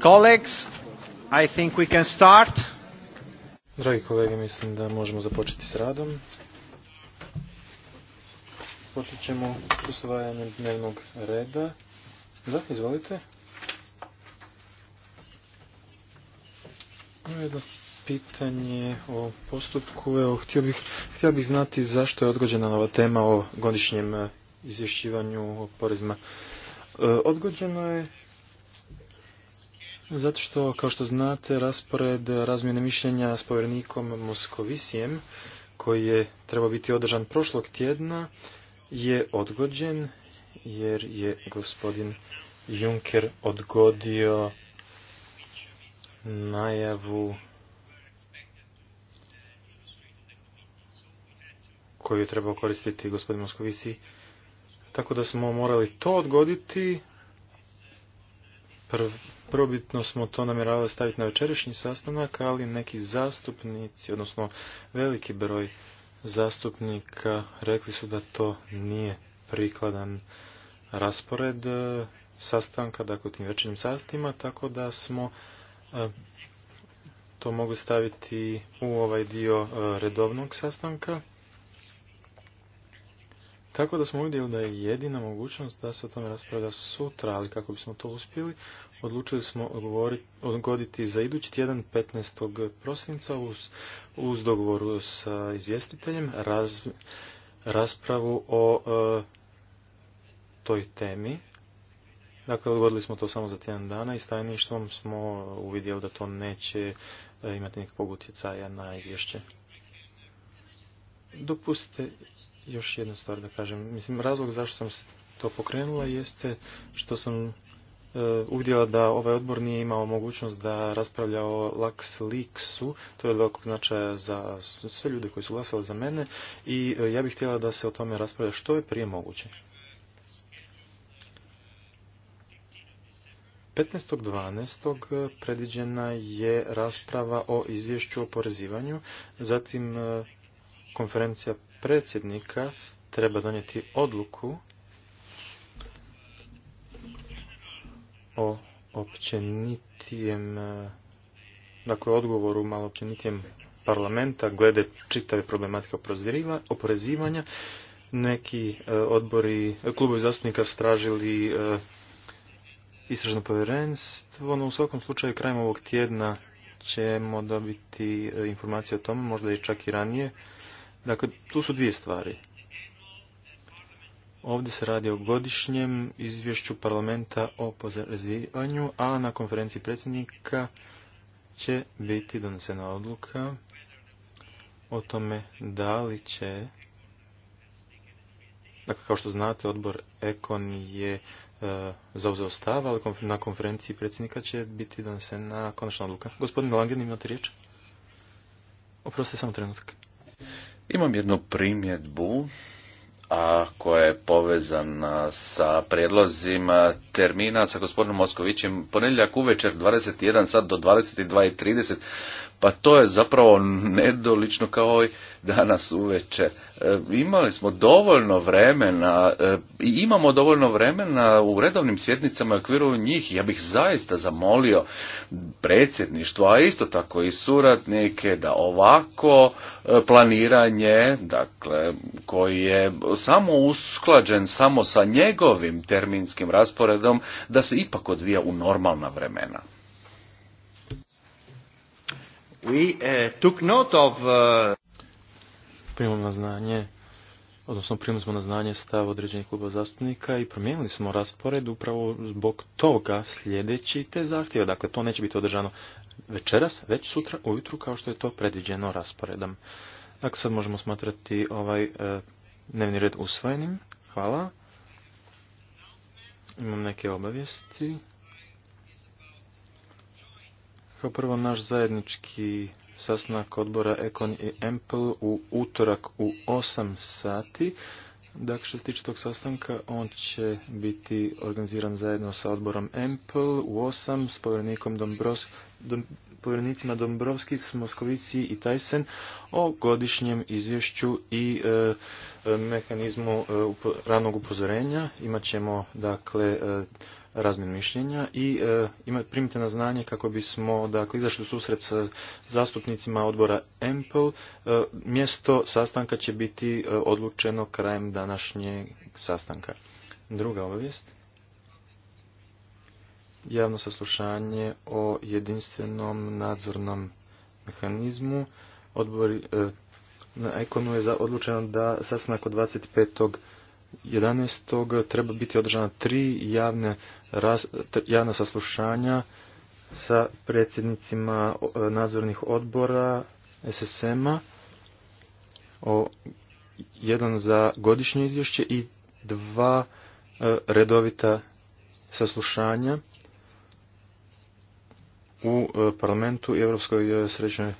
Colleagues, I think we can start. Dragi kolege, mislim da možemo započeti s radom. Počet ćemo usvajanjem dnevnog reda. Da, izvolite. Jedno pitanje o postupku. Evo, htio bih, htio bih znati zašto je odgođena nova tema o godišnjem e, izvješćivanju o porezima. E, odgođeno je zato što, kao što znate, raspored razmjene mišljenja s povjernikom Moskovisijem, koji je trebao biti održan prošlog tjedna, je odgođen jer je gospodin Juncker odgodio najavu koju je trebao koristiti gospodin Moskovisi, Tako da smo morali to odgoditi, Probitno smo to namjeravali staviti na večerašnji sastanak, ali neki zastupnici, odnosno veliki broj zastupnika, rekli su da to nije prikladan raspored e, sastanka, dakle u tim večernjim satima, tako da smo e, to mogli staviti u ovaj dio e, redovnog sastanka tako da smo uvidjeli da je jedina mogućnost da se o tome raspravlja sutra, ali kako bismo to uspjeli, odlučili smo odgoditi za idući tjedan 15. prosinca uz, uz dogovoru sa izvjestiteljem raspravu o e, toj temi. Dakle, odgodili smo to samo za tjedan dana i s tajništvom smo uvidjeli da to neće e, imati nikakvog utjecaja na izvješće. Dopustite još jednu stvar da kažem. Mislim, razlog zašto sam se to pokrenula jeste što sam e, uvidjela da ovaj odbor nije imao mogućnost da raspravlja o Lux liksu. to je velikog značaja za sve ljude koji su glasali za mene i e, ja bih htjela da se o tome raspravlja što je prije moguće. 15.12. E, predviđena je rasprava o izvješću o porezivanju, zatim konferencija predsjednika treba donijeti odluku o općenitijem dakle odgovoru malo općenitijem parlamenta glede čitave problematike oporezivanja. Neki e, odbori, klubovi zastupnika su tražili e, istražno povjerenstvo, no u svakom slučaju krajem ovog tjedna ćemo dobiti e, informacije o tome, možda i čak i ranije. Dakle, tu su dvije stvari. Ovdje se radi o godišnjem izvješću parlamenta o pozarazivanju, a na konferenciji predsjednika će biti donesena odluka o tome da li će Dakle, kao što znate, odbor Ekon je e, zauzeo stav, ali na konferenciji predsjednika će biti donesena konačna odluka. Gospodin Langen, imate riječ? Oprostite, samo trenutak. Imam jednu primjedbu a koja je povezana sa predlozima termina sa gospodinom Moskovićem ponedjeljak uvečer 21 sat do 22.30 pa to je zapravo nedolično kao i danas uveče. E, imali smo dovoljno vremena e, i imamo dovoljno vremena u redovnim sjednicama i okviru njih. Ja bih zaista zamolio predsjedništvo, a isto tako i suradnike da ovako e, planiranje, dakle, koji je samo usklađen samo sa njegovim terminskim rasporedom, da se ipak odvija u normalna vremena. We uh, took note of... Uh, znanje, odnosno primili smo na znanje stav određenih kluba zastupnika i promijenili smo raspored upravo zbog toga sljedeći te zahtjeva. Dakle, to neće biti održano večeras, već sutra ujutru kao što je to predviđeno rasporedom. Dakle, sad možemo smatrati ovaj e, dnevni red usvojenim. Hvala. Imam neke obavijesti. Kao prvo naš zajednički sastanak odbora Ekon i Empel u utorak u 8 sati. Dakle, što se tiče tog sastanka, on će biti organiziran zajedno sa odborom Empel u 8 s povjerenikom Dombros, Dom... povjerenicima Dombrovski, i Tajsen o godišnjem izvješću i e, e, mehanizmu e, ranog upozorenja. Imaćemo, dakle, e, razmjenu mišljenja i e, primite na znanje kako bismo dakle, izašli u susret sa zastupnicima odbora EMPL. E, mjesto sastanka će biti e, odlučeno krajem današnjeg sastanka. Druga obavijest. Javno saslušanje o jedinstvenom nadzornom mehanizmu. Odbor, na Ekonu je odlučeno da sastanak od 25. 11. treba biti održana tri javne, javna saslušanja sa predsjednicima nadzornih odbora SSM-a, jedan za godišnje izvješće i dva e, redovita saslušanja u e, parlamentu i Europskoj e, srećnoj e,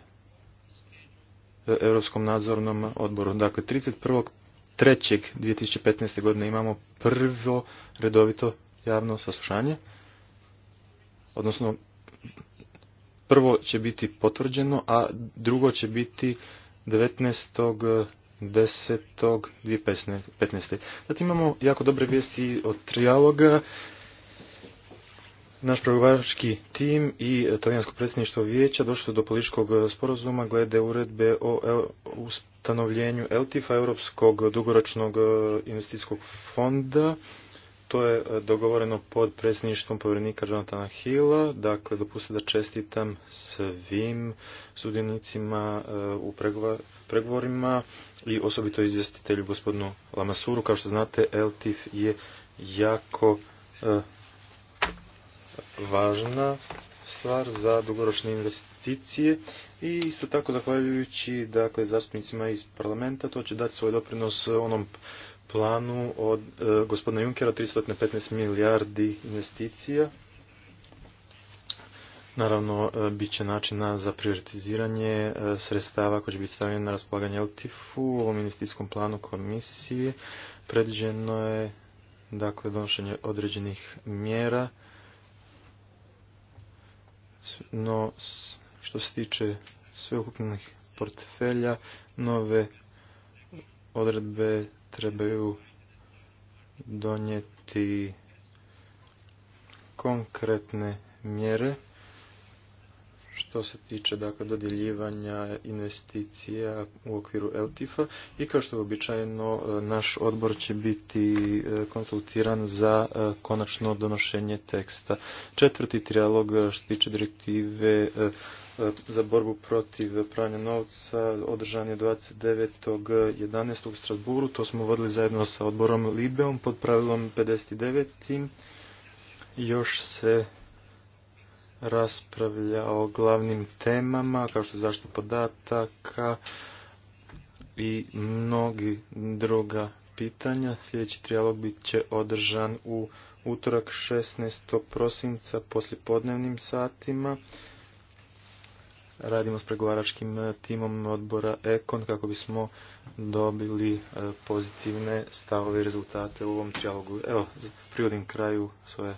Europskom nadzornom odboru. Dakle, 31. 3.2015. godine imamo prvo redovito javno saslušanje, odnosno prvo će biti potvrđeno, a drugo će biti 19.10.2015. Zatim imamo jako dobre vijesti od trijaloga naš pregovarački tim i e, talijansko predsjedništvo vijeća došlo do političkog e, sporazuma glede uredbe o ustanovljenju ltif Europskog dugoročnog e, investicijskog fonda. To je dogovoreno pod predsjedništvom povjerenika Jonathana Hilla. Dakle, dopustite da čestitam svim sudionicima u pregovorima i osobito izvjestitelju gospodinu Lamasuru. Kao što znate, LTIF je jako važna stvar za dugoročne investicije i isto tako zahvaljujući dakle, zastupnicima iz parlamenta to će dati svoj doprinos onom planu od e, gospodina Junkera 315 milijardi investicija. Naravno, e, bit će načina za prioritiziranje e, sredstava koji će biti stavljeni na raspolaganje LTIF-u. U ovom investicijskom planu komisije predviđeno je dakle, donošenje određenih mjera no što se tiče sveukupnih portfelja, nove odredbe trebaju donijeti konkretne mjere što se tiče dakle, dodjeljivanja investicija u okviru LTIF-a i kao što je običajno e, naš odbor će biti e, konsultiran za e, konačno donošenje teksta. Četvrti trijalog što se tiče direktive za borbu protiv pranja novca održan je 29.11. u Strasburu. To smo vodili zajedno sa odborom Libeom pod pravilom 59. Još se raspravlja o glavnim temama kao što je zaštita podataka i mnogi druga pitanja. Sljedeći trijalog bit će održan u utorak 16. prosinca poslijepodnevnim satima. Radimo s pregovaračkim e, timom odbora Ekon kako bismo dobili e, pozitivne stavove i rezultate u ovom trijalogu. Evo, privodim kraju svoje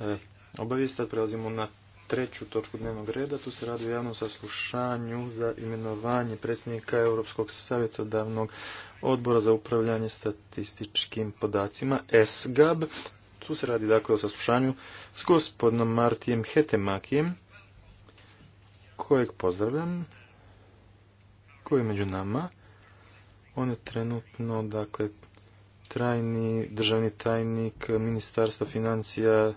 e, obavijest. Prelazimo na treću točku dnevnog reda. Tu se radi o javnom saslušanju za imenovanje predsjednika Europskog savjetodavnog odbora za upravljanje statističkim podacima SGAB. Tu se radi dakle o saslušanju s gospodinom Martijem Hetemakijem, kojeg pozdravljam, koji je među nama. On je trenutno, dakle, trajni, državni tajnik Ministarstva financija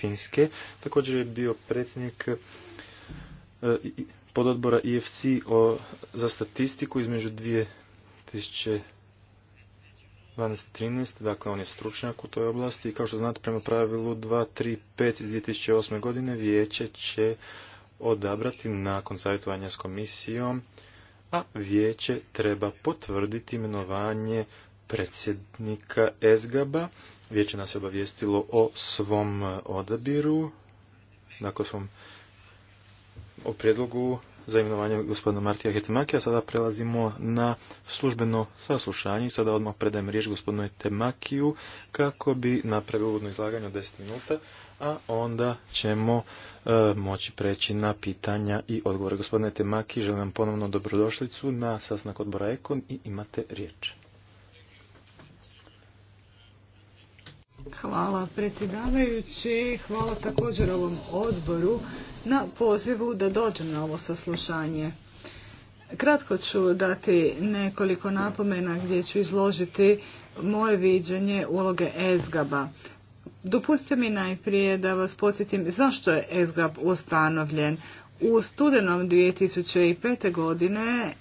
Finske. Također je bio predsjednik e, pododbora IFC za statistiku između 2012 trinaest Dakle, on je stručnjak u toj oblasti i kao što znate prema pravilu 2.3.5 iz 2008. godine vijeće će odabrati nakon savjetovanja s komisijom, a vijeće treba potvrditi imenovanje predsjednika Ezgaba Vijeće nas je obavijestilo o svom e, odabiru, dakle svom o prijedlogu za imenovanje gospodina Martija Hetemakija. Sada prelazimo na službeno saslušanje i sada odmah predajem riječ gospodinu Hetemakiju kako bi napravio uvodno izlaganje od 10 minuta, a onda ćemo e, moći preći na pitanja i odgovore. Gospodine Temaki, želim vam ponovno dobrodošlicu na sastanak odbora Ekon i imate riječ. Hvala predsjedavajući, hvala također ovom odboru na pozivu da dođem na ovo saslušanje. Kratko ću dati nekoliko napomena gdje ću izložiti moje viđenje uloge ezgaba. Dopustite mi najprije da vas podsjetim zašto je ESGAB ustanovljen. U studenom 2005. godine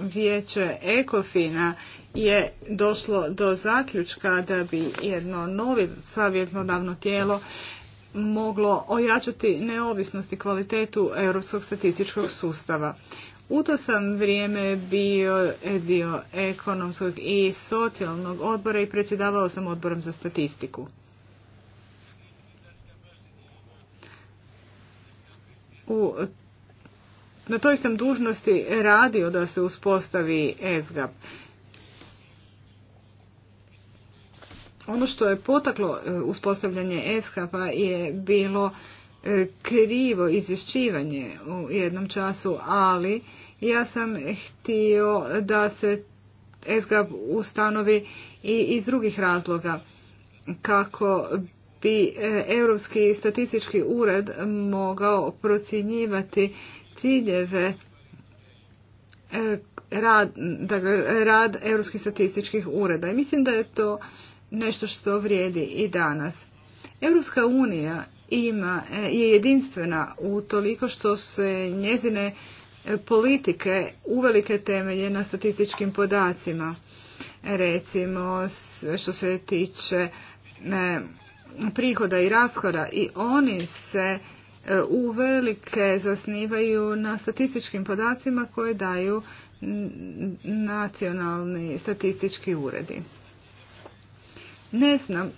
vijeće Ekofina je došlo do zaključka da bi jedno novi savjetnodavno tijelo moglo ojačati neovisnost i kvalitetu europskog statističkog sustava. U to sam vrijeme bio dio e, ekonomskog i socijalnog odbora i predsjedavao sam odborom za statistiku. U na toj sam dužnosti radio da se uspostavi ESGAP. Ono što je potaklo e, uspostavljanje ESGAP-a je bilo e, krivo izvješćivanje u jednom času, ali ja sam htio da se ESGAP ustanovi i iz drugih razloga kako bi e, Europski statistički ured mogao procjenjivati ciljeve e, rad, dakle, rad europskih statističkih ureda. I mislim da je to nešto što vrijedi i danas. Europska unija ima, e, je jedinstvena u toliko što se njezine e, politike uvelike temelje na statističkim podacima. Recimo što se tiče prihoda i rashoda i oni se E, uvelike zasnivaju na statističkim podacima koje daju nacionalni statistički uredi. Ne znam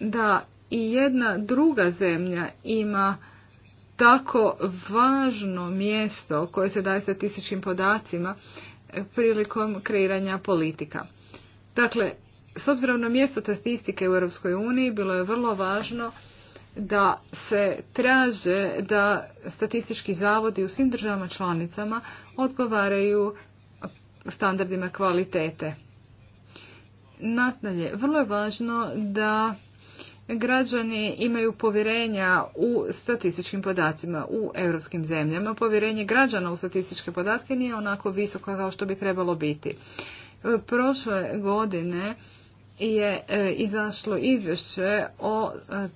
da i jedna druga zemlja ima tako važno mjesto koje se daje statističkim podacima e, prilikom kreiranja politika. Dakle, s obzirom na mjesto statistike u EU bilo je vrlo važno da se traže da statistički zavodi u svim državama članicama odgovaraju standardima kvalitete. Natnalje, vrlo je važno da građani imaju povjerenja u statističkim podacima u europskim zemljama. Povjerenje građana u statističke podatke nije onako visoko kao što bi trebalo biti. Prošle godine je e, izašlo izvješće o e,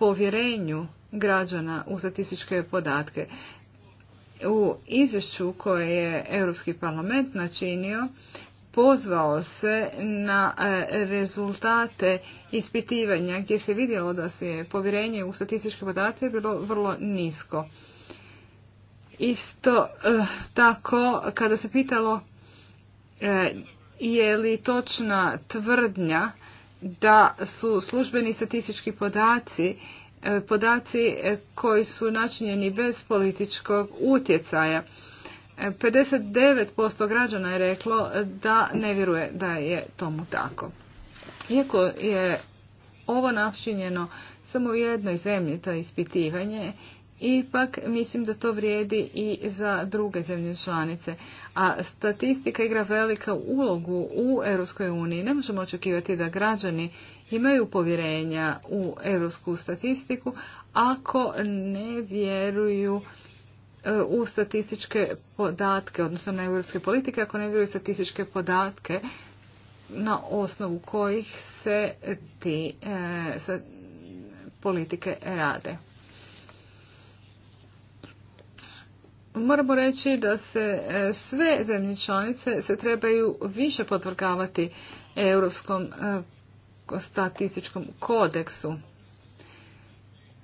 povjerenju građana u statističke podatke. U izvješću koje je Europski parlament načinio, pozvao se na e, rezultate ispitivanja gdje se vidjelo da se povjerenje u statističke podatke bilo vrlo nisko. Isto e, tako kada se pitalo e, je li točna tvrdnja da su službeni statistički podaci e, podaci e, koji su načinjeni bez političkog utjecaja. 59% e, građana je reklo da ne vjeruje da je tomu tako. Iako je ovo načinjeno samo u jednoj zemlji, to ispitivanje, Ipak mislim da to vrijedi i za druge zemlje članice. A statistika igra velika ulogu u Europskoj uniji. Ne možemo očekivati da građani imaju povjerenja u europsku statistiku ako ne vjeruju e, u statističke podatke, odnosno na europske politike, ako ne vjeruju statističke podatke na osnovu kojih se ti e, politike rade. Moramo reći da se e, sve zemlje članice se trebaju više potvrgavati europskom e, statističkom kodeksu.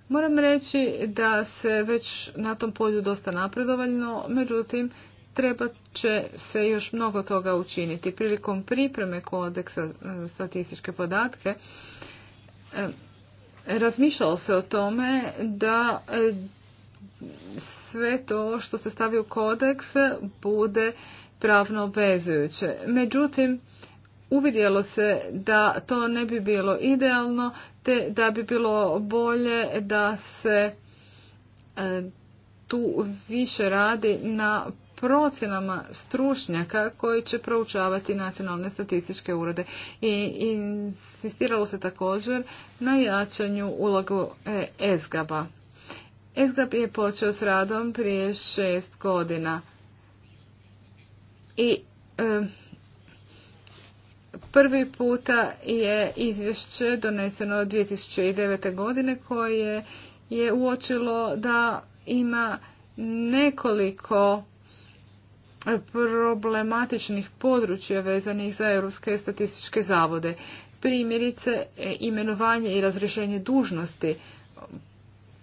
Moram reći da se već na tom polju dosta napredovaljno, međutim treba će se još mnogo toga učiniti. Prilikom pripreme kodeksa e, statističke podatke razmišljalo se o tome da sve to što se stavi u kodeks bude pravno obvezujuće. Međutim, uvidjelo se da to ne bi bilo idealno, te da bi bilo bolje da se e, tu više radi na procjenama stručnjaka koji će proučavati nacionalne statističke urede. I insistiralo se također na jačanju ulogu esgab ESGAP je počeo s radom prije šest godina. I prvi puta je izvješće doneseno od 2009. godine koje je uočilo da ima nekoliko problematičnih područja vezanih za europske statističke zavode. Primjerice, e, imenovanje i razrešenje dužnosti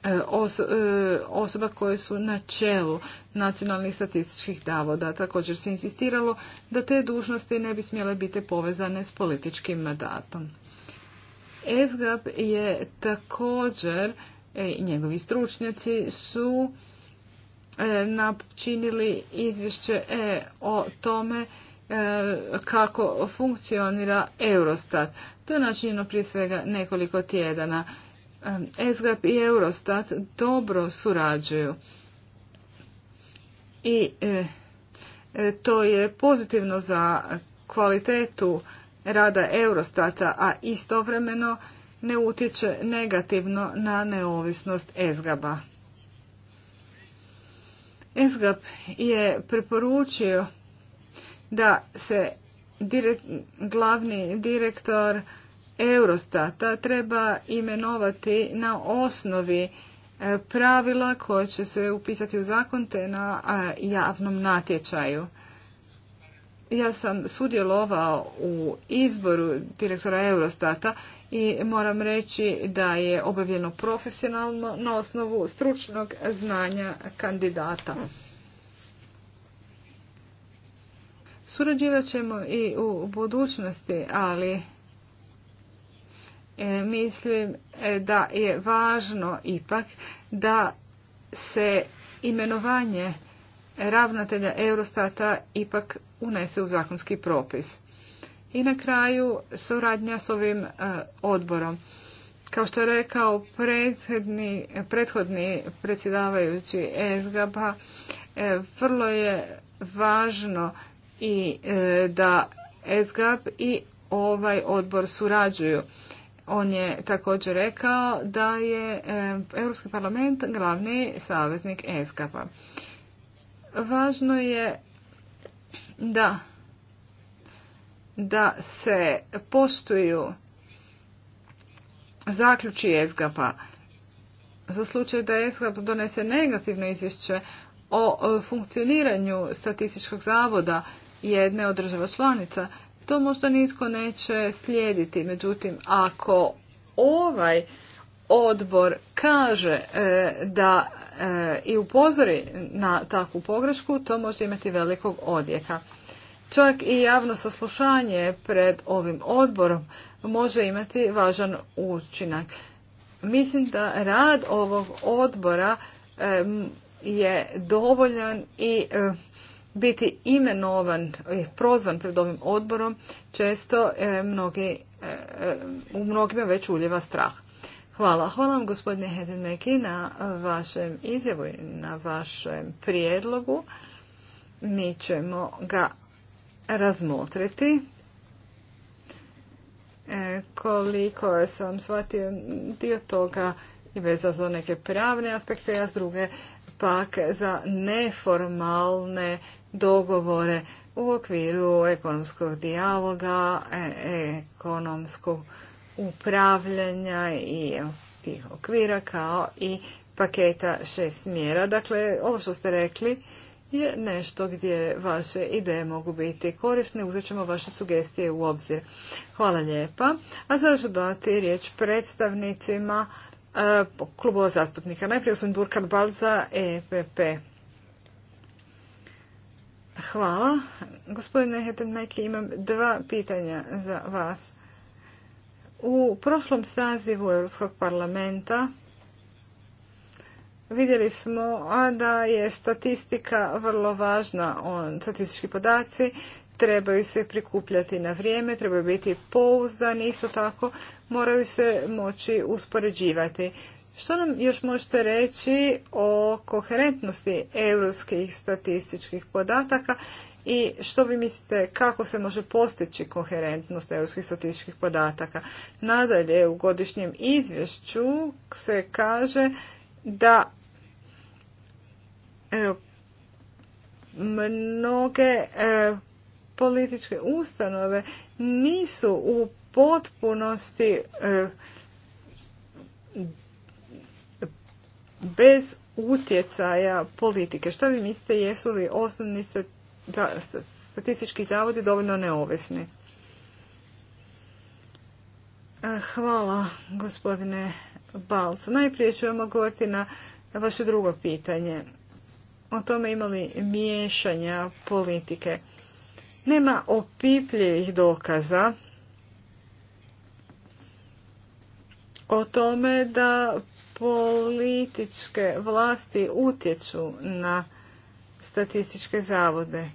E, e, osoba koje su na čelu nacionalnih statističkih davoda. Također se insistiralo da te dužnosti ne bi smjele biti povezane s političkim mandatom. ESGAB je također, i e, njegovi stručnjaci su napčinili izvješće o tome kako funkcionira Eurostat. To je načinjeno prije svega nekoliko tjedana. ESGAP i Eurostat dobro surađuju. I e, e, to je pozitivno za kvalitetu rada Eurostata, a istovremeno ne utječe negativno na neovisnost Ezgaba. ESGAP je preporučio da se glavni direktor Eurostata treba imenovati na osnovi e, pravila koje će se upisati u zakon te na javnom natječaju. Ja sam sudjelovao u izboru direktora Eurostata i moram reći da je obavljeno profesionalno na osnovu stručnog znanja kandidata. Surađivat ćemo i u budućnosti, ali E, mislim e, da je važno ipak da se imenovanje ravnatelja Eurostata ipak unese u zakonski propis. I na kraju suradnja s ovim e, odborom. Kao što je rekao prethodni, prethodni predsjedavajući pa vrlo je važno i da ESGAB i ovaj odbor surađuju. On je također rekao da je e, Europski parlament glavni saveznik ESCAP-a. Važno je da da se poštuju zaključi ESGAP-a. Za slučaj da ESGAP donese negativno izvješće o funkcioniranju statističkog zavoda jedne od država članica, to možda nitko neće slijediti. Međutim, ako ovaj odbor kaže e, da e, i upozori na takvu pogrešku, to može imati velikog odjeka. Čak i javno saslušanje pred ovim odborom može imati važan učinak. Mislim da rad ovog odbora e, je dovoljan i biti imenovan, prozvan pred ovim odborom, često e, mnogi, e, e, u mnogima već uljeva strah. Hvala. Hvala vam gospodine Hedemeki na vašem izjavu i na vašem prijedlogu. Mi ćemo ga razmotriti. E, koliko sam shvatio dio toga i vezano za neke pravne aspekte, a s druge pak za neformalne dogovore u okviru ekonomskog dijaloga, e, ekonomskog upravljanja i tih okvira kao i paketa šest mjera. Dakle, ovo što ste rekli je nešto gdje vaše ideje mogu biti korisne. Uzet ćemo vaše sugestije u obzir. Hvala lijepa. A sada ću dati riječ predstavnicima klubova zastupnika. Najprije sam Burkan Balza, EPP. Hvala. Gospodine Hetenmeki, imam dva pitanja za vas. U prošlom sazivu Europskog parlamenta vidjeli smo da je statistika vrlo važna, on, statistički podaci trebaju se prikupljati na vrijeme, trebaju biti pouzdani, isto tako moraju se moći uspoređivati. Što nam još možete reći o koherentnosti europskih statističkih podataka i što vi mislite kako se može postići koherentnost europskih statističkih podataka? Nadalje, u godišnjem izvješću se kaže da mnoge e, političke ustanove nisu u potpunosti e, bez utjecaja politike. Što vi mislite, jesu li osnovni statistički zavodi dovoljno neovisni? E, hvala, gospodine Balc. Najprije ću vam govoriti na vaše drugo pitanje. O tome imali miješanja politike. Nema opipljivih dokaza o tome da političke vlasti utječu na statističke zavode.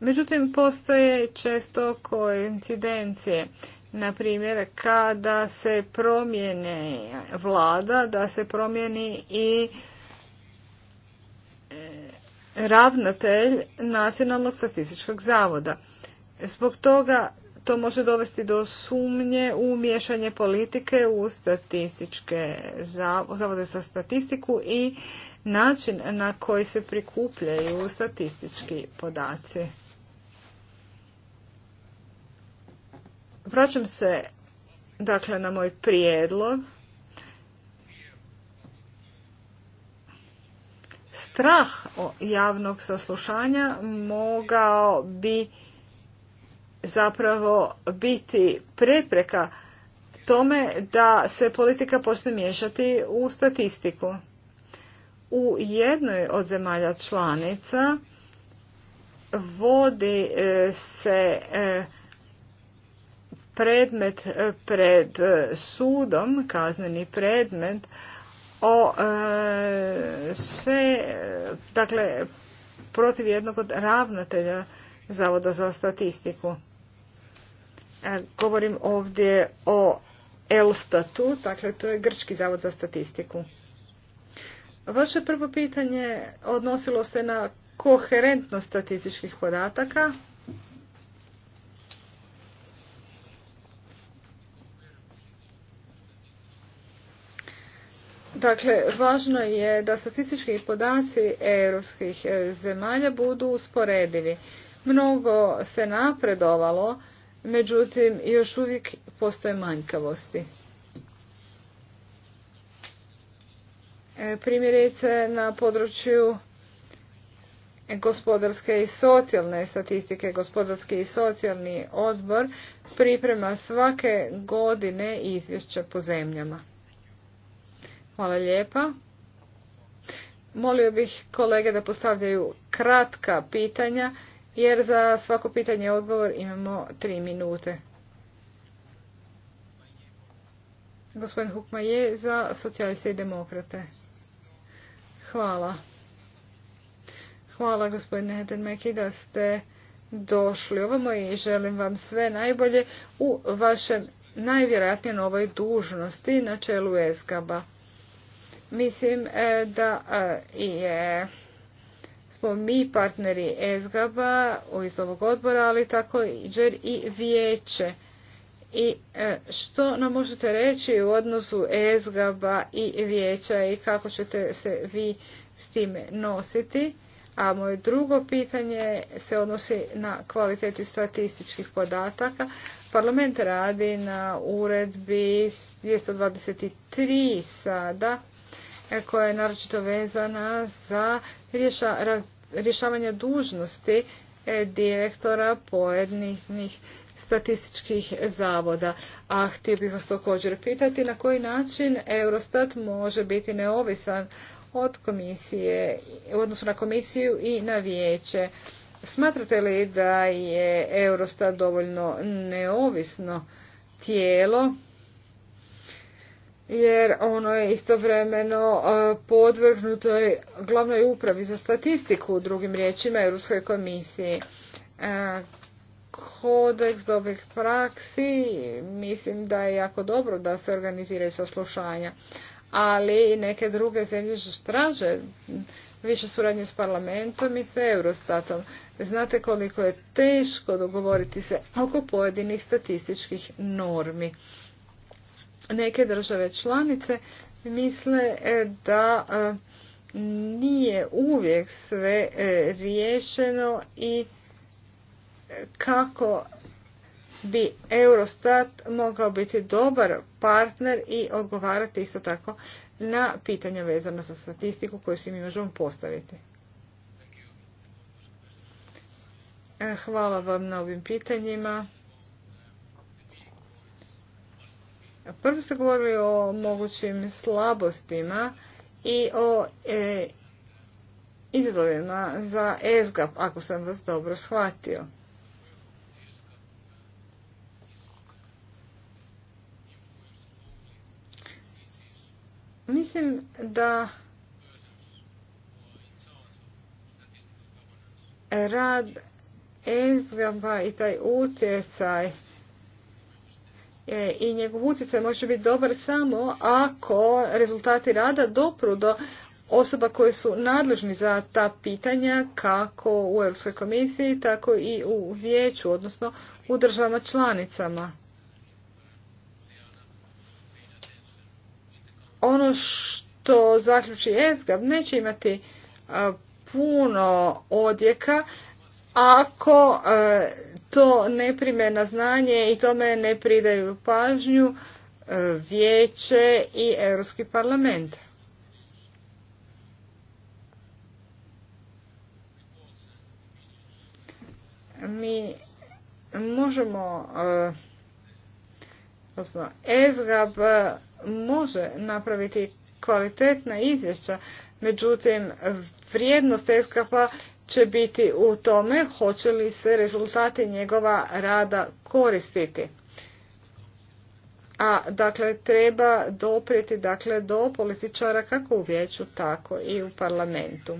Međutim, postoje često koincidencije. Na primjer, kada se promijene vlada, da se promijeni i ravnatelj Nacionalnog statističkog zavoda. Zbog toga to može dovesti do sumnje u miješanje politike u statističke zavode za statistiku i način na koji se prikupljaju statistički podaci. Vraćam se dakle na moj prijedlog strah javnog saslušanja mogao bi zapravo biti prepreka tome da se politika počne miješati u statistiku. U jednoj od zemalja članica vodi e, se e, predmet e, pred sudom, kazneni predmet, o e, sve, dakle, protiv jednog od ravnatelja Zavoda za statistiku. E, govorim ovdje o Elstatu, dakle to je Grčki zavod za statistiku. Vaše prvo pitanje odnosilo se na koherentnost statističkih podataka. Dakle, važno je da statistički podaci europskih e, zemalja budu usporedivi. Mnogo se napredovalo, međutim još uvijek postoje manjkavosti. E, primjerice na području gospodarske i socijalne statistike, gospodarski i socijalni odbor priprema svake godine izvješća po zemljama. Hvala lijepa. Molio bih kolege da postavljaju kratka pitanja, jer za svako pitanje i odgovor imamo tri minute. Gospodin Hukma je za socijaliste i demokrate. Hvala. Hvala gospodine Hedenmeki da ste došli ovamo i želim vam sve najbolje u vašem najvjerojatnije ovoj dužnosti na čelu esgab Mislim e, da je e, smo mi partneri ESGAB-a iz ovog odbora, ali tako i vijeće. I e, što nam možete reći u odnosu ESGAB-a i vijeća i kako ćete se vi s time nositi? A moje drugo pitanje se odnosi na kvalitetu statističkih podataka. Parlament radi na uredbi 223 sada koja je naročito vezana za rješavanje dužnosti e, direktora pojednih statističkih zavoda. A htio bih vas također pitati na koji način Eurostat može biti neovisan od komisije, u odnosu na komisiju i na vijeće. Smatrate li da je Eurostat dovoljno neovisno tijelo jer ono je istovremeno e, podvrhnuto glavnoj upravi za statistiku, u drugim riječima Europskoj komisiji. E, kodeks dobrih praksi, mislim da je jako dobro da se organiziraju saslušanja, ali neke druge zemlje traže više suradnje s parlamentom i sa Eurostatom. Znate koliko je teško dogovoriti se oko pojedinih statističkih normi neke države članice misle e, da e, nije uvijek sve e, riješeno i kako bi Eurostat mogao biti dobar partner i odgovarati isto tako na pitanja vezana za statistiku koju si mi možemo postaviti. Hvala vam na ovim pitanjima. Prvo se govori o mogućim slabostima i o e, izazovima za ESGAP, ako sam vas dobro shvatio. Mislim da rad esgap i taj utjecaj E, i njegov utjecaj može biti dobar samo ako rezultati rada dopru do osoba koje su nadležni za ta pitanja kako u Europskoj komisiji tako i u vijeću, odnosno u državama članicama. Ono što zaključi ESGAB neće imati puno odjeka ako to ne na znanje i tome ne pridaju pažnju e, vijeće i Europski parlament. Mi možemo e, odnosno ESGAB može napraviti kvalitetna izvješća, međutim vrijednost esgab će biti u tome hoće li se rezultati njegova rada koristiti. A dakle treba doprijeti dakle do političara kako u vijeću tako i u parlamentu.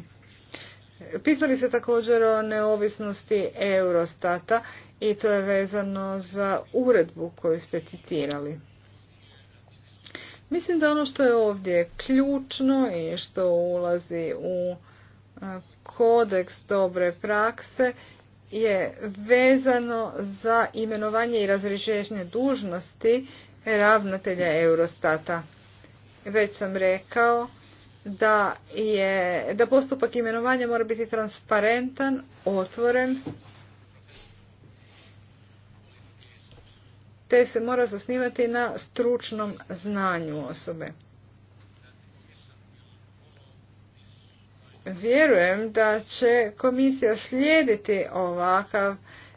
Pitali se također o neovisnosti Eurostata i to je vezano za uredbu koju ste citirali. Mislim da ono što je ovdje ključno i što ulazi u kodeks dobre prakse je vezano za imenovanje i razrješenje dužnosti ravnatelja Eurostata. Već sam rekao da, da postupak imenovanja mora biti transparentan, otvoren, te se mora zasnivati na stručnom znanju osobe. vjerujem da će komisija slijediti ovakav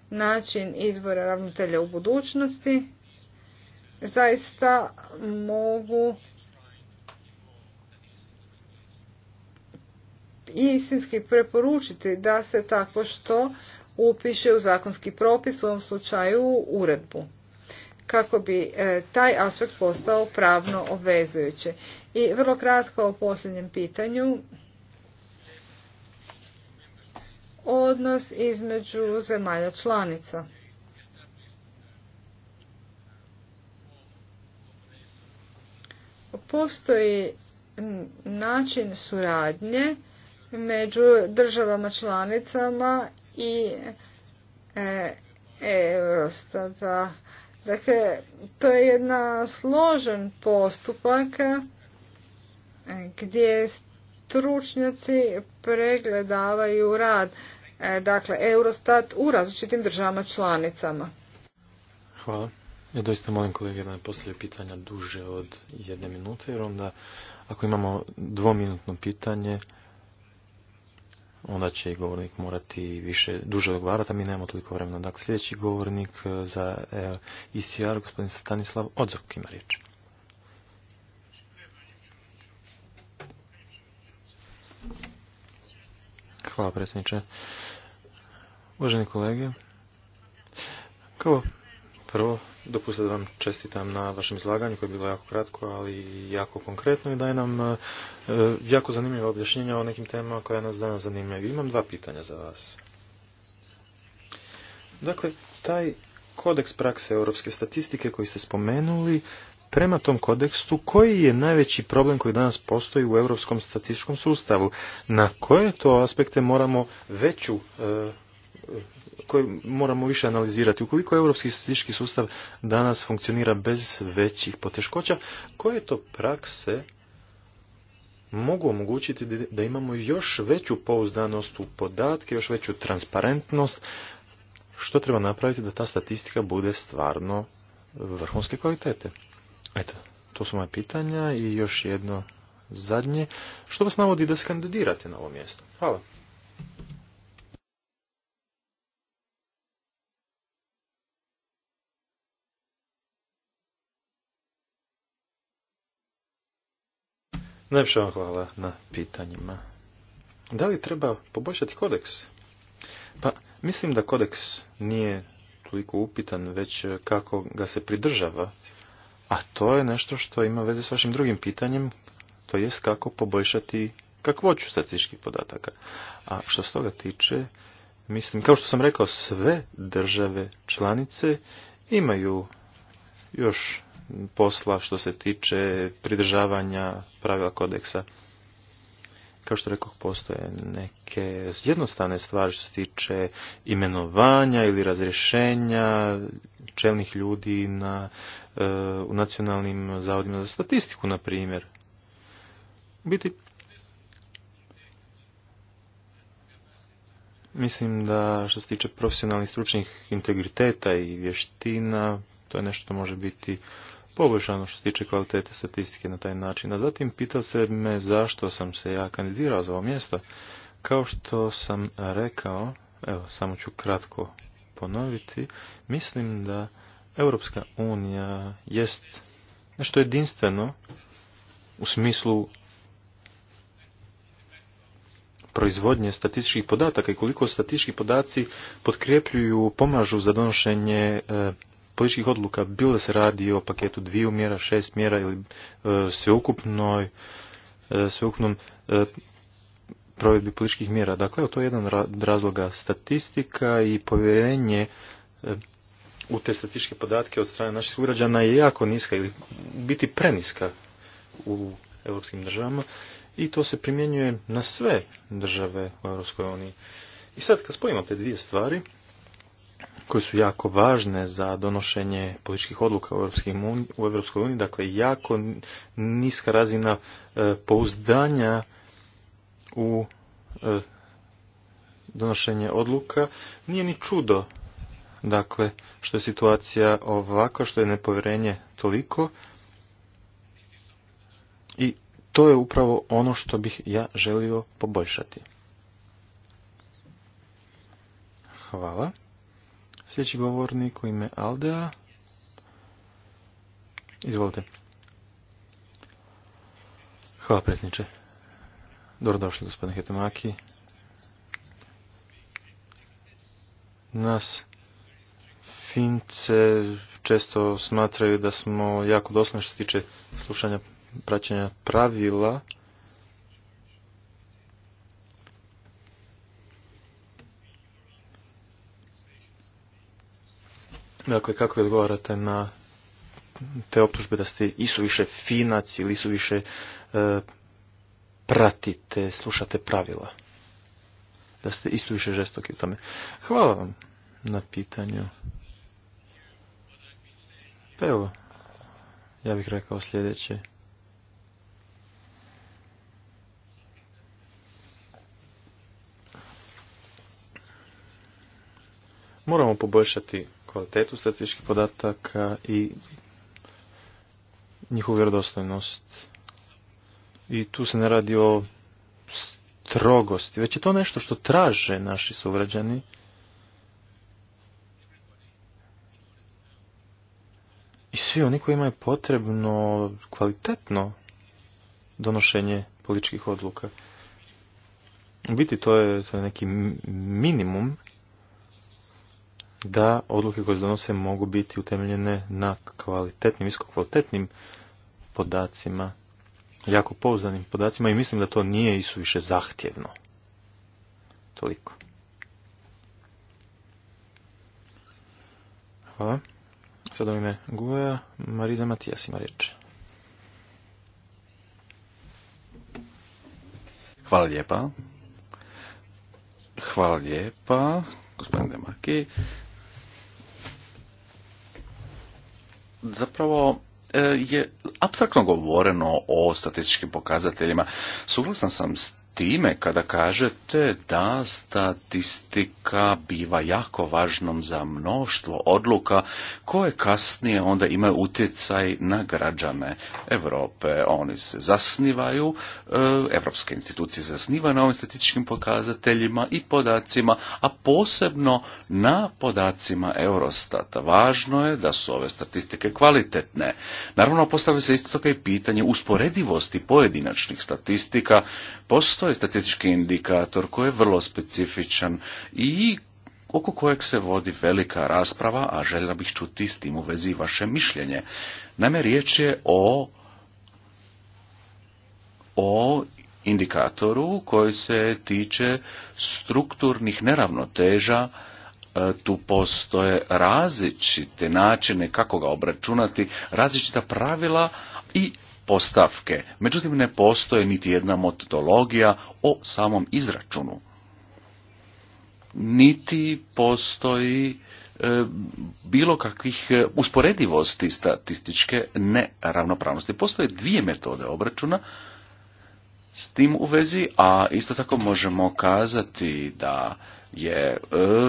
način izbora ravnatelja u budućnosti. Zaista mogu istinski preporučiti da se tako što upiše u zakonski propis, u ovom slučaju u uredbu, kako bi e, taj aspekt postao pravno obvezujući. I vrlo kratko o posljednjem pitanju odnos između zemalja članica. Postoji način suradnje među državama članicama i e, Eurostata. Dakle, to je jedna složen postupak e, gdje stručnjaci pregledavaju rad E, dakle Eurostat u različitim državama članicama. Hvala. Ja doista molim kolege da ne postavljaju pitanja duže od jedne minute, jer onda ako imamo dvominutno pitanje, onda će i govornik morati više duže odgovarati, a mi nemamo toliko vremena. Dakle, sljedeći govornik e, za ICR, e, gospodin Stanislav Odzok ima riječ. Hvala predsjedniče. Uvaženi kolege, kao prvo dopustite da vam čestitam na vašem izlaganju koje je bilo jako kratko, ali jako konkretno i daje nam e, jako zanimljivo objašnjenje o nekim temama koja nas danas zanimljaju. Imam dva pitanja za vas. Dakle, taj kodeks prakse europske statistike koji ste spomenuli, prema tom kodekstu, koji je najveći problem koji danas postoji u europskom statističkom sustavu? Na koje to aspekte moramo veću e, koje moramo više analizirati. Ukoliko europski statistički sustav danas funkcionira bez većih poteškoća, koje to prakse mogu omogućiti da imamo još veću pouzdanost u podatke, još veću transparentnost, što treba napraviti da ta statistika bude stvarno vrhunske kvalitete. Eto, to su moje pitanja i još jedno zadnje. Što vas navodi da se kandidirate na ovo mjesto? Hvala. Najpša vam hvala na pitanjima. Da li treba poboljšati kodeks? Pa, mislim da kodeks nije toliko upitan, već kako ga se pridržava, a to je nešto što ima veze s vašim drugim pitanjem, to jest kako poboljšati kakvoću statističkih podataka. A što se toga tiče, mislim, kao što sam rekao, sve države članice imaju još posla što se tiče pridržavanja pravila kodeksa. Kao što rekao, postoje neke jednostavne stvari što se tiče imenovanja ili razrješenja čelnih ljudi na, e, u nacionalnim zavodima za statistiku, na primjer. Biti, mislim da što se tiče profesionalnih stručnih integriteta i vještina, to je nešto što može biti poboljšano što se tiče kvalitete statistike na taj način. A zatim pitao se me zašto sam se ja kandidirao za ovo mjesto. Kao što sam rekao, evo, samo ću kratko ponoviti, mislim da Europska unija jest nešto jedinstveno u smislu proizvodnje statističkih podataka i koliko statistički podaci potkrepljuju, pomažu za donošenje e, političkih odluka, bilo da se radi o paketu dviju mjera, šest mjera ili e, sveukupnoj, e, sveukupnom e, provedbi političkih mjera. Dakle, evo, to je jedan razloga statistika i povjerenje u te statističke podatke od strane naših urađana je jako niska ili biti preniska u europskim državama i to se primjenjuje na sve države u EU. I sad kad spojimo te dvije stvari, koje su jako važne za donošenje političkih odluka u Europskoj uniji, dakle jako niska razina e, pouzdanja u e, donošenje odluka. Nije ni čudo dakle što je situacija ovakva, što je nepovjerenje toliko i to je upravo ono što bih ja želio poboljšati. Hvala. Sljedeći govornik u ime Aldea. Izvolite. Hvala predsjedniče. Dobrodošli gospodine Hetemaki. Nas Fince često smatraju da smo jako doslovni što se tiče slušanja praćenja pravila Dakle, kako odgovarate na te optužbe da ste isuviše finac ili isuviše e, pratite, slušate pravila? Da ste isuviše žestoki u tome. Hvala vam na pitanju. Pa evo, ja bih rekao sljedeće. Moramo poboljšati kvalitetu statističkih podataka i njihovu vjerodostojnost. I tu se ne radi o strogosti, već je to nešto što traže naši sugrađani. I svi oni koji je potrebno kvalitetno donošenje političkih odluka. U biti to je, to je neki minimum da odluke koje se donose mogu biti utemeljene na kvalitetnim, visokokvalitetnim podacima, jako pouzdanim podacima i mislim da to nije isuviše zahtjevno. Toliko. Hvala. Sada ime Guja, Mariza Matijas ima riječ. Hvala lijepa. Hvala lijepa, gospodine Demaki. zapravo e, je apstraktno govoreno o statističkim pokazateljima. Suglasan sam s time kada kažete da statistika biva jako važnom za mnoštvo odluka koje kasnije onda imaju utjecaj na građane Europe. Oni se zasnivaju, e, evropske institucije zasnivaju na ovim statističkim pokazateljima i podacima, a posebno na podacima Eurostata. Važno je da su ove statistike kvalitetne. Naravno, postavlja se isto tako i pitanje usporedivosti pojedinačnih statistika. Postoje postoji statistički indikator koji je vrlo specifičan i oko kojeg se vodi velika rasprava, a željela bih čuti s tim u vezi vaše mišljenje. Naime, riječ je o, o indikatoru koji se tiče strukturnih neravnoteža e, tu postoje različite načine kako ga obračunati, različita pravila i postavke. Međutim, ne postoje niti jedna metodologija o samom izračunu. Niti postoji e, bilo kakvih e, usporedivosti statističke neravnopravnosti. Postoje dvije metode obračuna s tim u vezi, a isto tako možemo kazati da je e,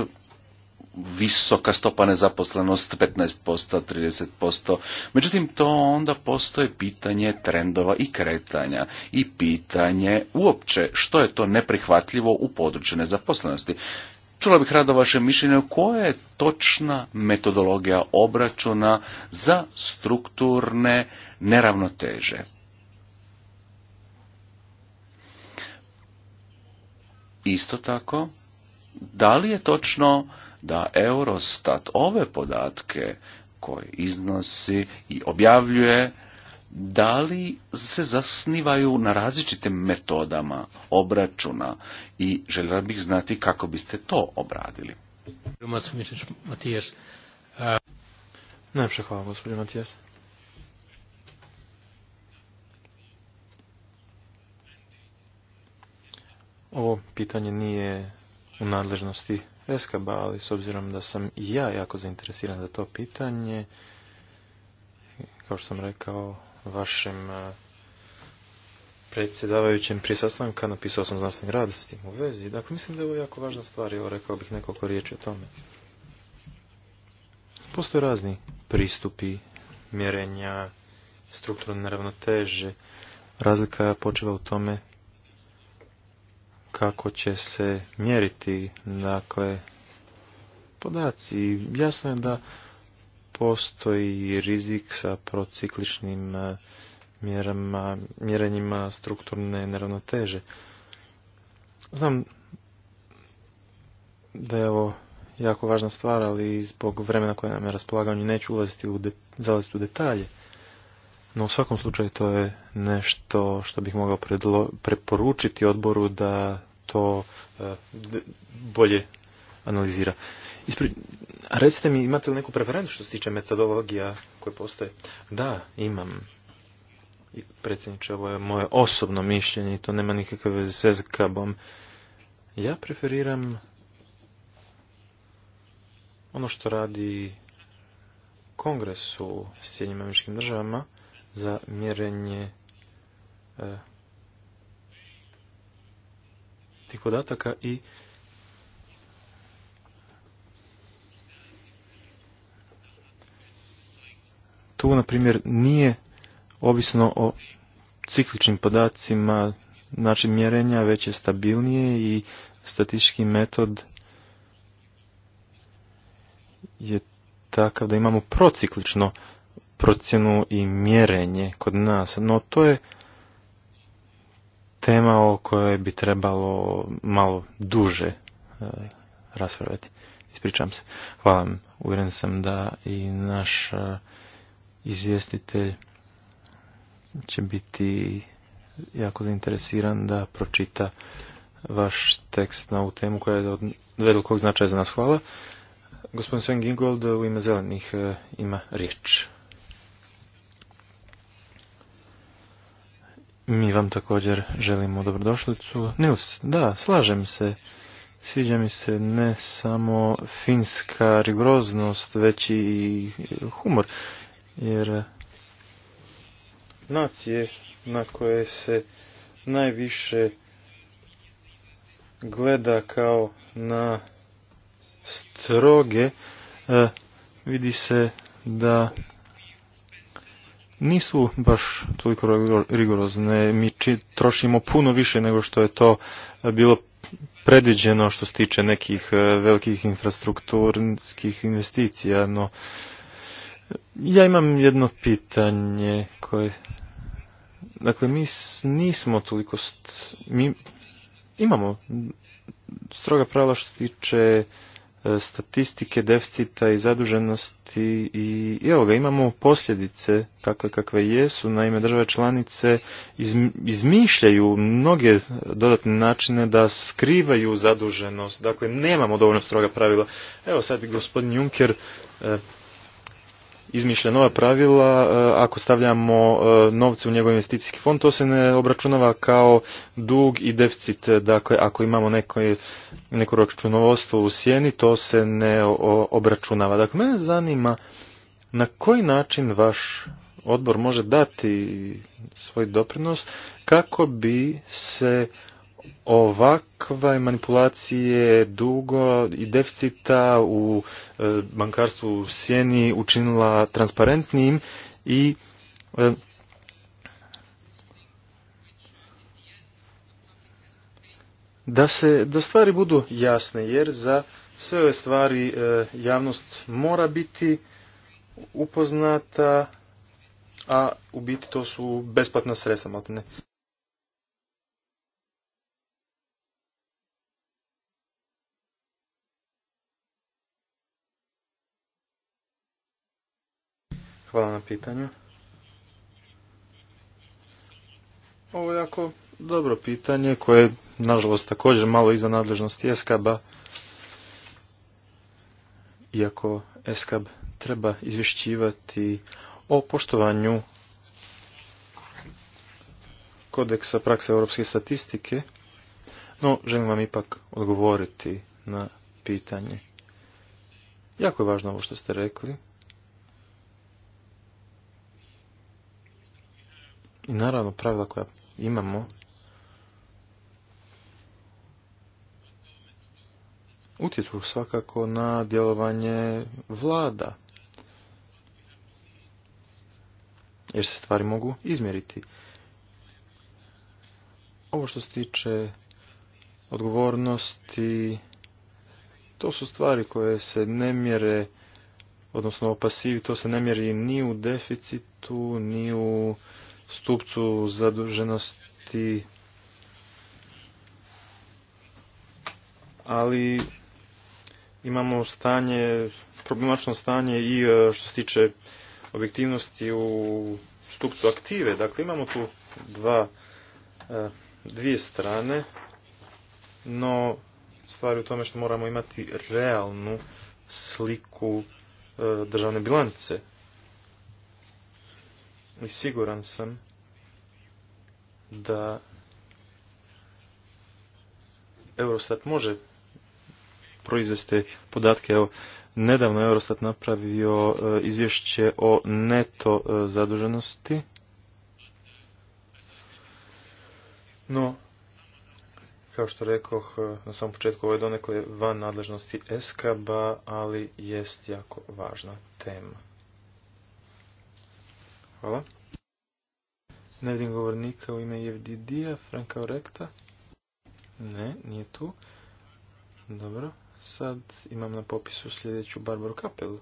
visoka stopa nezaposlenost 15%, 30%. Međutim, to onda postoje pitanje trendova i kretanja i pitanje uopće što je to neprihvatljivo u području nezaposlenosti. Čula bih rado vaše mišljenje koja je točna metodologija obračuna za strukturne neravnoteže. Isto tako, da li je točno da Eurostat ove podatke koje iznosi i objavljuje da li se zasnivaju na različitim metodama obračuna i željela bih znati kako biste to obradili. Najpše hvala, gospodin Matijas. Ovo pitanje nije u nadležnosti Eskaba, ali s obzirom da sam i ja jako zainteresiran za to pitanje, kao što sam rekao, vašem eh, predsjedavajućem prije sastanka napisao sam znanstveni rad s tim u vezi. Dakle, mislim da je ovo jako važna stvar i evo rekao bih nekoliko riječi o tome. Postoje razni pristupi mjerenja strukturne neravnoteže. Razlika počeva u tome kako će se mjeriti dakle podaci. Jasno je da postoji rizik sa procikličnim e, mjerama, mjerenjima strukturne neravnoteže. Znam da je ovo jako važna stvar, ali zbog vremena koje nam je raspolaganju neću ulaziti u, u detalje. No u svakom slučaju to je nešto što bih mogao preporučiti odboru da to e, bolje analizira. Ispri... recite mi, imate li neku preferenciju što se tiče metodologija koje postoje? Da, imam. I predsjedniče, ovo je moje osobno mišljenje i to nema nikakve veze s ezkabom. Ja preferiram ono što radi kongres u Sjedinjim američkim državama, za mjerenje e, tih podataka i tu, na primjer, nije ovisno o cikličnim podacima način mjerenja, već je stabilnije i statistički metod je takav da imamo prociklično procjenu i mjerenje kod nas. No to je tema o kojoj bi trebalo malo duže e, raspraviti. Ispričam se. Hvala vam. Uvjeren sam da i naš e, izvjestitelj će biti jako zainteresiran da pročita vaš tekst na ovu temu koja je od velikog značaja za nas. Hvala. Gospodin Sven Gingold u ime zelenih e, ima riječ. Mi vam također želimo dobrodošlicu. Nils, da, slažem se. Sviđa mi se ne samo finska rigoroznost, već i humor. Jer nacije na koje se najviše gleda kao na stroge, e, vidi se da nisu baš toliko rigorozne. Mi trošimo puno više nego što je to eh, bilo predviđeno što se tiče nekih eh, velikih infrastrukturskih investicija, no eh, ja imam jedno pitanje koje... Dakle, mi nismo toliko... Mi imamo stroga pravila što se tiče E, statistike deficita i zaduženosti i, evo ga imamo posljedice takve kakve jesu naime države članice izmišljaju mnoge dodatne načine da skrivaju zaduženost dakle nemamo dovoljno stroga pravila evo sad gospodin Juncker e, izmišlja nova pravila, e, ako stavljamo e, novce u njegov investicijski fond, to se ne obračunava kao dug i deficit. Dakle, ako imamo neko, neko računovodstvo u sjeni, to se ne obračunava. Dakle, mene zanima na koji način vaš odbor može dati svoj doprinos kako bi se ovakve manipulacije dugo i deficita u e, bankarstvu u sjeni učinila transparentnim i e, da se da stvari budu jasne jer za sve ove stvari e, javnost mora biti upoznata a u biti to su besplatna sredstva ne. Hvala na pitanju. Ovo je jako dobro pitanje koje je, nažalost, također malo iza nadležnosti Eskaba. Iako Eskab treba izvješćivati o poštovanju kodeksa prakse europske statistike, no želim vam ipak odgovoriti na pitanje. Jako je važno ovo što ste rekli. I naravno pravila koja imamo utječu svakako na djelovanje vlada. Jer se stvari mogu izmjeriti. Ovo što se tiče odgovornosti, to su stvari koje se ne mjere, odnosno pasivi, to se ne mjeri ni u deficitu, ni u stupcu zaduženosti ali imamo stanje, problemačno stanje i e, što se tiče objektivnosti u stupcu aktive. Dakle, imamo tu dva, e, dvije strane, no stvar je u tome što moramo imati realnu sliku e, državne bilance. I siguran sam da Eurostat može proizvesti podatke. Evo, nedavno je Eurostat napravio e, izvješće o neto e, zaduženosti. No, kao što rekoh e, na samom početku, ovo je donekle van nadležnosti ESKABA, ali jest jako važna tema. Hvala. Ne vidim govornika u ime Jevdidija, Franka Orekta. Ne, nije tu. Dobro, sad imam na popisu sljedeću Barbaru Kapel,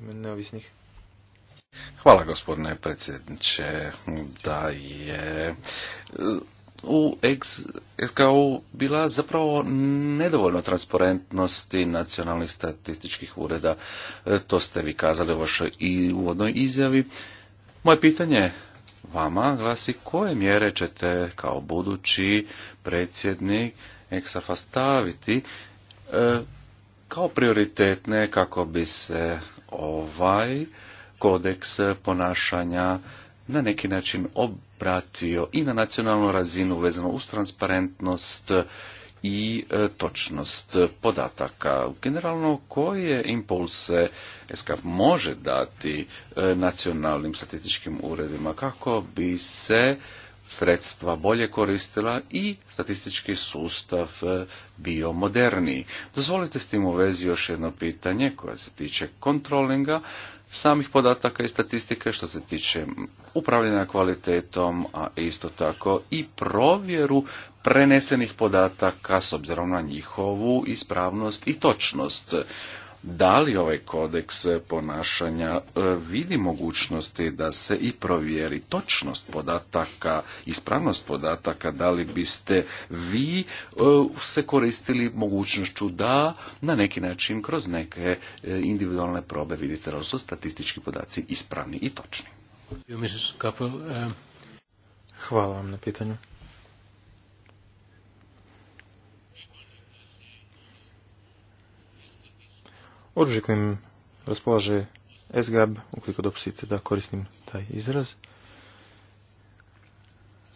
neovisnih. Hvala gospodine predsjedniče da je u SKU bila zapravo nedovoljno transparentnosti nacionalnih statističkih ureda. E, to ste vi kazali u vašoj uvodnoj izjavi. Moje pitanje vama glasi koje mjere ćete kao budući predsjednik EXAFA staviti e, kao prioritetne kako bi se ovaj kodeks ponašanja na neki način obratio i na nacionalnu razinu vezano uz transparentnost i e, točnost podataka. Generalno, koje impulse ESCAP može dati e, nacionalnim statističkim uredima kako bi se sredstva bolje koristila i statistički sustav e, bio moderniji. Dozvolite s tim u vezi još jedno pitanje koje se tiče kontrolinga, samih podataka i statistike što se tiče upravljanja kvalitetom, a isto tako i provjeru prenesenih podataka s obzirom na njihovu ispravnost i točnost da li ovaj kodeks ponašanja e, vidi mogućnosti da se i provjeri točnost podataka, ispravnost podataka, da li biste vi e, se koristili mogućnošću da na neki način kroz neke e, individualne probe vidite da su statistički podaci ispravni i točni. Hvala vam na pitanju. Oružje kojim raspolaže SGAB, ukoliko dopustite da koristim taj izraz,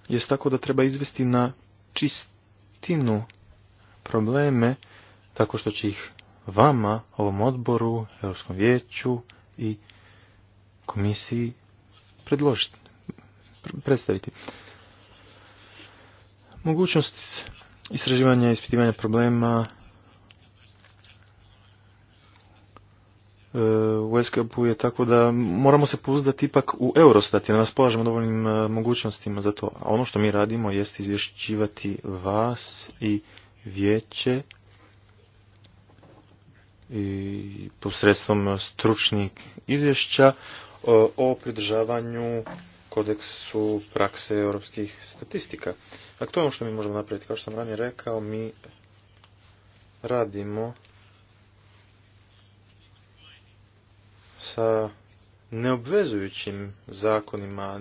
jest tako da treba izvesti na čistinu probleme tako što će ih vama, ovom odboru, Europskom vijeću i komisiji predložiti, predstaviti. Mogućnost istraživanja i ispitivanja problema E, u ESCAP-u je tako da moramo se pouzdati ipak u Eurostat jer nas polažemo dovoljnim e, mogućnostima za to. A ono što mi radimo jest izvješćivati vas i vijeće i posredstvom stručnih izvješća e, o pridržavanju kodeksu prakse europskih statistika. A to je ono što mi možemo napraviti. Kao što sam ranije rekao, mi radimo sa neobvezujućim zakonima.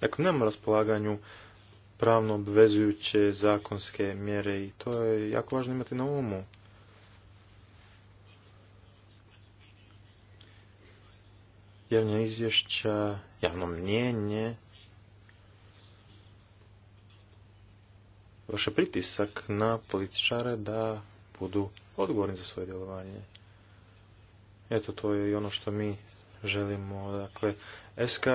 Dakle, nemamo raspolaganju pravno obvezujuće zakonske mjere i to je jako važno imati na umu. Javnja izvješća, javno mnjenje, vrše pritisak na političare da budu odgovorni za svoje djelovanje. Eto, to je i ono što mi želimo. Dakle, SK,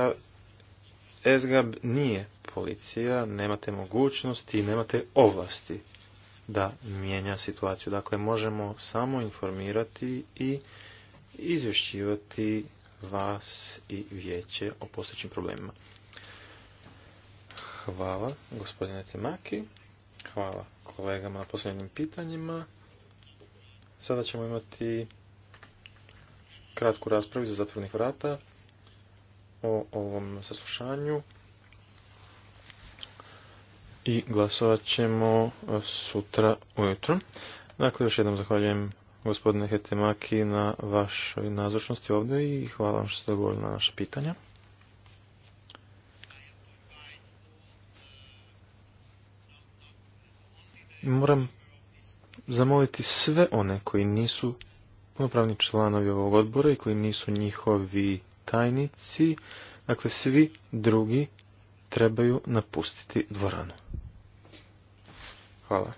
SGAB nije policija, nemate mogućnosti i nemate ovlasti da mijenja situaciju. Dakle, možemo samo informirati i izvješćivati vas i vijeće o postojećim problemima. Hvala, gospodine Temaki. Hvala kolegama na posljednjim pitanjima. Sada ćemo imati kratku raspravu za zatvornih vrata o ovom saslušanju i glasovat ćemo e, sutra ujutro. Dakle, još jednom zahvaljujem gospodine Hetemaki na vašoj nazočnosti ovdje i hvala vam što ste odgovorili na naše pitanja. Moram zamoliti sve one koji nisu punopravni članovi ovog odbora i koji nisu njihovi tajnici, dakle svi drugi trebaju napustiti dvoranu. Hvala.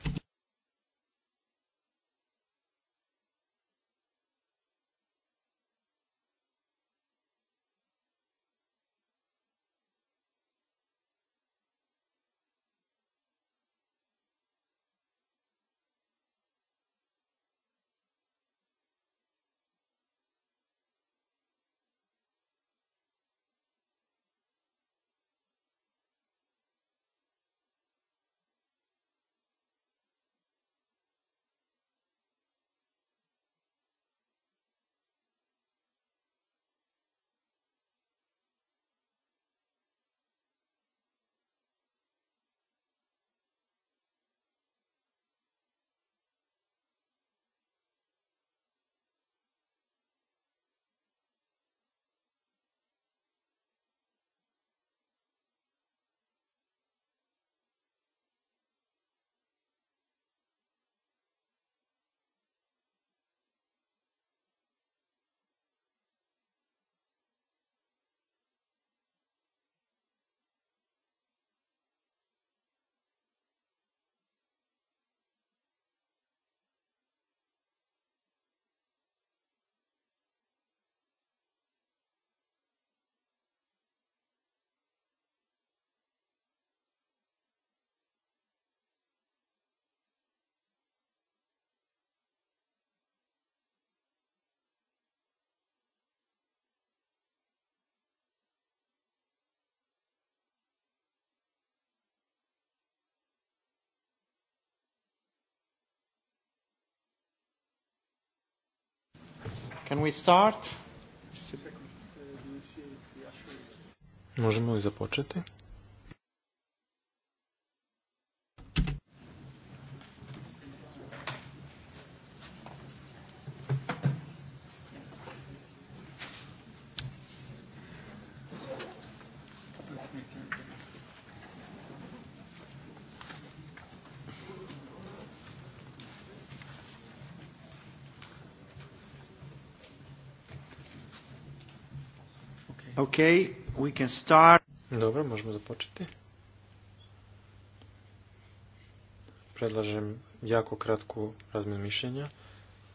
Can we start? Možemo li započeti? Okay, we can start. Dobro, možemo započeti. Predlažem jako kratku razmjenu mišljenja.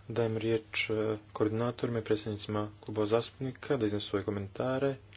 Dajem riječ eh, koordinatorima i predsjednicima kluba zastupnika da iznesu svoje komentare